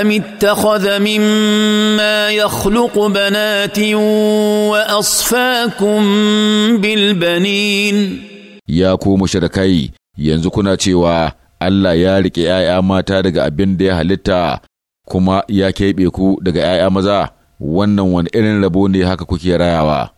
أم اتخذ مما يخلق بنات وأصفاكم بالبنين يا ku mushrikai yanzu kuna cewa Allah ya riƙe ‘ya'ya mata daga abin da ya halitta kuma ya keɓe ku daga ‘ya'ya maza wannan wani irin rabo ne haka kuke rayawa.